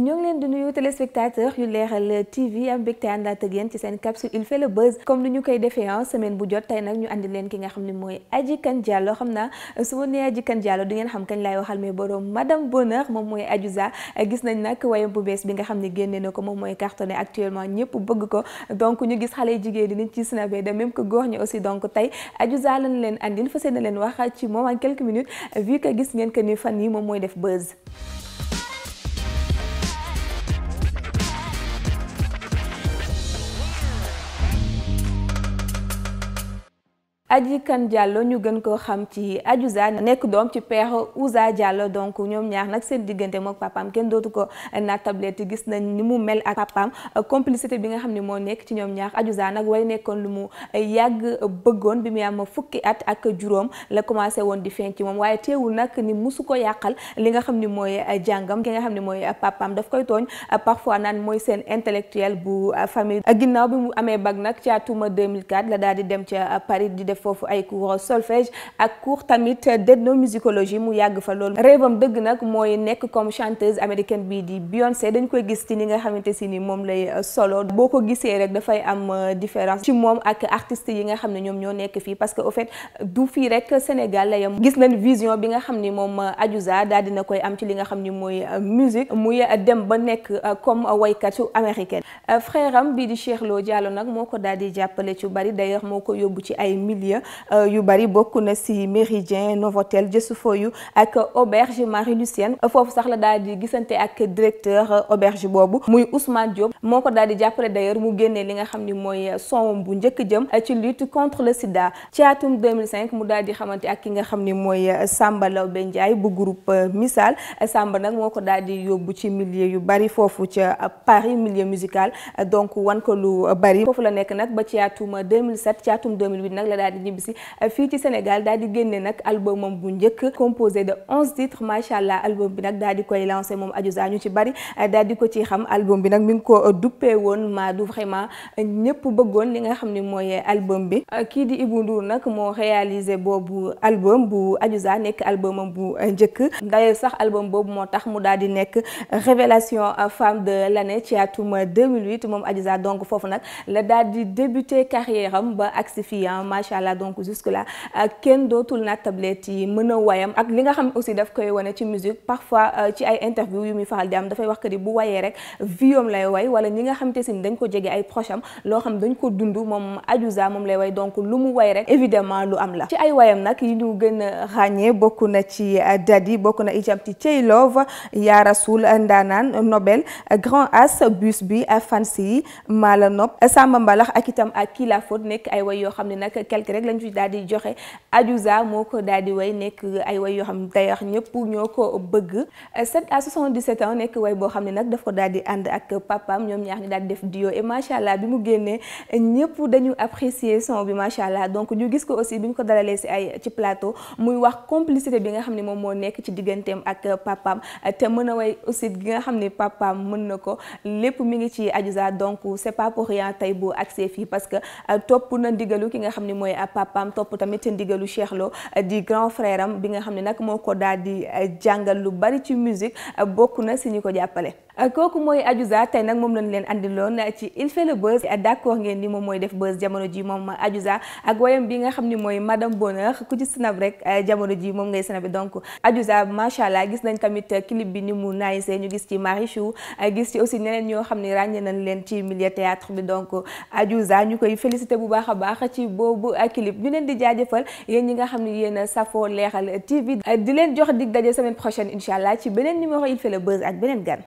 ñoo ngi leen di nuyu téléspectateurs yu leeral TV am mbégte àndaat ak yéen ci seen capsule il fait le buzz comme ni ñu koy defee en semaine bu jot tey nag ñu andi leen ki nga xam ne mooy Aji Kane Diallo xam naa su ma nee Aji Kane Diallo du ngeen xam kañ laay waxal mais borom madame Bonheur moom mooy Adiouza gis nañ nag wayam bu bees bi nga xam ne génne na ko moom mooy cartonné actuellement ñëpp bëgg ko donc ñu gis xale jigéen di nit ci snabé de meme ko góor ñi aussi donc tey Adiouza lañ leen andin fas yéene leen wax ci moom en quelques minutes vu ngeen que ni fan yi moom mooy def buzz. Adji Kane Diallo ñu gën koo xam ci Adiouza nekk doom ci père Ouza Diallo donc ñoom ñaax nag seen diggante mook papaam kenn dootu ko naat tablette gis nañ ni mu mel ak papaam complicité bi nga xam ne moo nekk ci ñoom ñaar Adiouza nag way nekkoon lu mu yàgg bëggoon bi mu am fukki at ak juróom la commencé woon di feeñ ci moom waaye teewul nag ni musu ko yàqal li nga xam ni mooy jàngam ki nga xam ne mooy a papaam daf koy tooñ parfois naan mooy seen intellectuel bu famille ginnaaw bi mu amee bag nag ci atuma 2004 la daal di dem ca Paris di def def foofu ay cours solfège ak cours tamit d'ethnomusicologie mu yàgg fa loolu rêvam dëgg nag mooy nekk comme chanteuse américaine bii di Beyoncé dañ koy gis ci ni nga xamante si ni moom lay euh, boo ko gisee rek dafay am euh, différence ci moom ak artistes yi nga xam ne ñoom ñoo nekk fii parce que au fait du fii rek Sénégal la yam gis nañ vision bi nga xam ni moom euh, Adiouza daal dina koy am ci li nga xam ni mooy musique muy dem ba nekk comme waykatu américaine frère am di Cheikh Lo nag moo ko daal di jàppale ci bari d'ailleurs moo ko yóbbu ci ay milliers ya euh, yu bari bokk na si Méridien Novotel Jësufoyu ak auberge Marie Lucienne foofu sax la daal di gisante ak directeur euh, auberge boobu muy Ousmane Diop moo ko daal di jàppale d'ailleurs mu génnee li nga xam ni mooy son bu njëkk jëm euh, ci lutte contre le sida ci atum 2005 mu daal di xamante ak ki nga xam ni mooy Samba Lawbe Ndiaye bu groupe Misal Samba nag moo ko daal di yóbbu ci milieu yu bari foofu ca Paris milieu musical donc wan ko lu bari foofu la nekk nag ba ci atum 2007 ci atum 2008 nag la di ñibbisi euh, fii ci Sénégal daal di génne nag album moom bu njëkk composé de onze titres macha allah album bi nag daal di koy lancé moom Adiouza ñu ci bari euh, daal ko ci xam album bi nag mi ngi ko euh, duppee woon Madou vraiment ñëpp bëggoon li nga xam ne mooy album bi kii di Ibou Ndour nag moo réalisé boobu album bu Adiouza nekk albumam bu njëkk d'ailleurs sax album boobu moo tax mu daal di nekk révélation femme de l'année ci atum 2008 moom Adiouza donc foofu nag la daal débuté carrière allah donc jusque là euh, kenn dootul na tablette yi mën a wayam ak li nga xam aussi daf koy wane ci musique parfois euh, ci ay interview yu muy faral di am dafay wax que ni bu wayee rek viom lay way wala ñi nga xam te dañ ko jege ay proche loo xam dañ ko dund moom Adiouza moom lay way donc lu mu way rek évidemment lu am la ci ay wayam nag yi ñu gën a ràññee bokk na ci euh, Dadi bokk na itam ci Cey Love Ya Rasoul Ndaanaan Nobel Grand As bus bi Fancy Mala Nopp Samba rek lañ fi daal di joxe Adiouza moo ko daal di way nekk ay way yoo xam ne d'ailleurs ñëpp ñoo ko bëgg 7 à 77 ans nekk way boo xam ne nag daf ko daal di ànd ak papaam ñoom ñaar ñu daal di def duo et macha allah bi mu génnee ñëpp dañu apprécier son bi macha allah donc ñu gis ko aussi bi ñu ko dalalee si ay ci plateau muy wax complicité bi nga xam ne moom moo nekk ci digganteem ak papaam te mën a way aussi gi nga xam ne papaam mën na ko lépp mu ngi ci Adiouza donc c'est pas pour rien tey bu accès fii parce que topp na ndigalu ki nga xam ak topp tamit ndigalu Cheikh Lo di grand frère am bi nga xam ne nag moo ko daal di ay jàngal lu bari ci musique bokk na si ñu ko jàppale. Euh, kooku mooy Adiouza tey nag moom lañu leen andiloon ci il fait le buzz d'accord ngeen ni moom mooy def buzz jamono ji moom Adiouza ak wayam bi nga xam ni mooy madame bonheur ku ci snap euh, jamono ji moom ngay snap donc Adiouza macha allah gis nañ tamit kilib bi ni mu nice ñu gis ci Marichou euh, gis ci aussi neneen ñoo xam ni ràññee nañ leen ci milieu théâtre bi donc Adiouza ñu koy félicité bu baax a baax ci boobu clip ñu leen di jaajëfal yéen ñi nga xam ni yéen safoo leeral TV di leen jox dig daje semaine prochaine incha allah ci beneen numéro il fait le buzz ak beneen gan